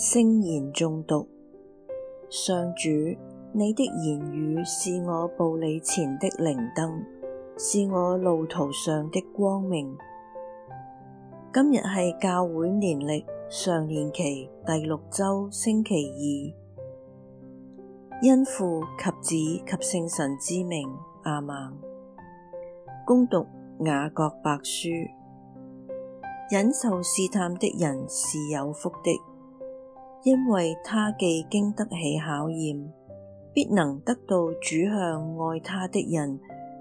聲言誦讀。上主，你的言語是我步履前的靈燈，是我路途上的光明。今日係教會年曆常年期第六週星期二，因父及子及聖神之名，阿門。恭讀雅各伯書，忍受試探的人是有福的。因為他既經得起考驗，必能得到主向愛他的人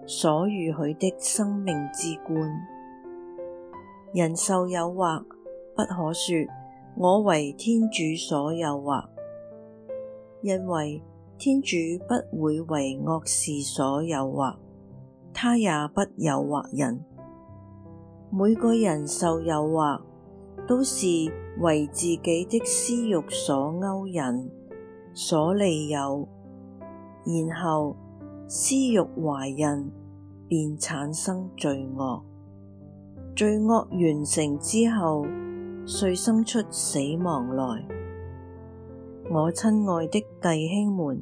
所預許的生命之冠。人受誘惑，不可說我為天主所誘惑，因為天主不會為惡事所誘惑，他也不誘惑人。每個人受誘惑。都是為自己的私慾所勾引、所餌誘，然後私慾懷孕，便產生罪惡。罪惡完成之後，遂生出死亡來。我親愛的弟兄們，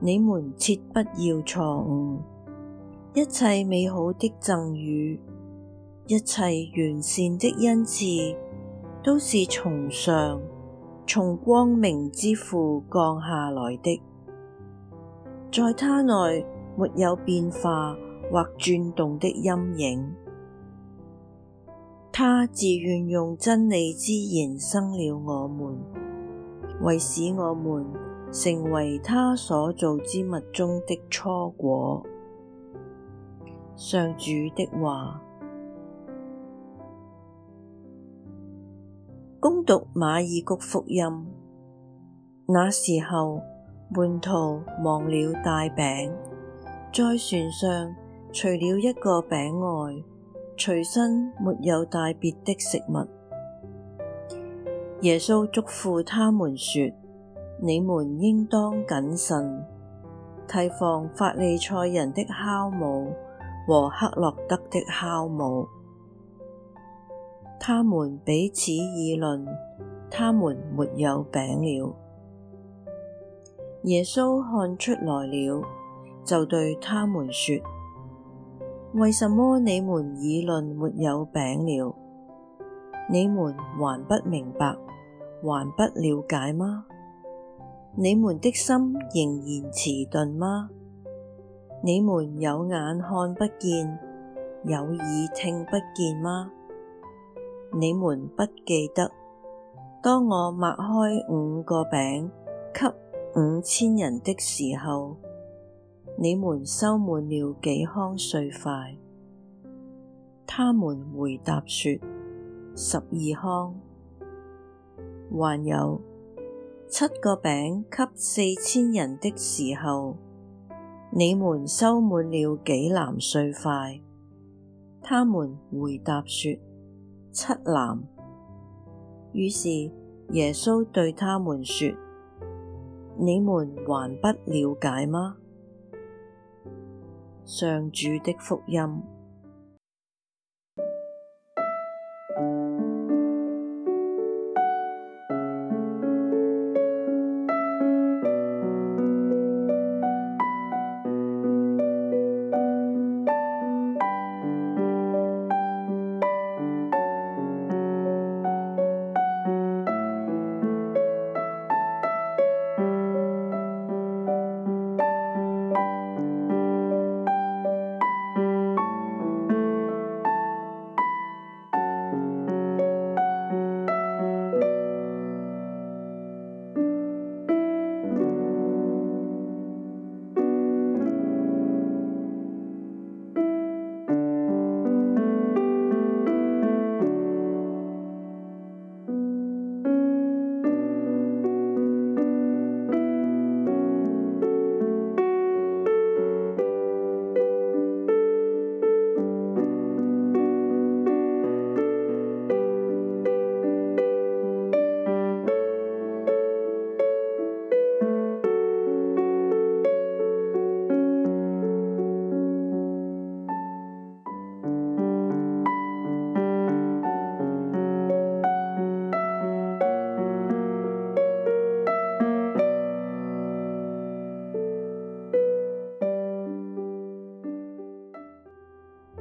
你們切不要錯誤，一切美好的贈與。一切完善的恩賜，都是從上，從光明之父降下來的，在他內沒有變化或轉動的陰影。他自願用真理之言生了我們，為使我們成為他所造之物中的初果。上主的話。恭讀馬爾谷福音。那時候門徒忘了帶餅，在船上除了一個餅外，隨身沒有帶別的食物。耶穌囑咐他們說：你們應當謹慎，提防法利賽人的酵母和黑落德的酵母。他們彼此議論，他們沒有餅了。耶穌看出來了，就對他們說：為什麼你們議論沒有餅了？你們還不明白，還不了解嗎？你們的心仍然遲鈍嗎？你們有眼看不見，有耳聽不見嗎？你們不記得，當我擘開五個餅給五千人的時候，你們收滿了幾筐碎塊？他們回答說：十二筐。還有七個餅給四千人的時候，你們收滿了幾籃碎塊？他們回答說：七籃。於是耶穌對他們說：你們還不了解嗎？上主的福音。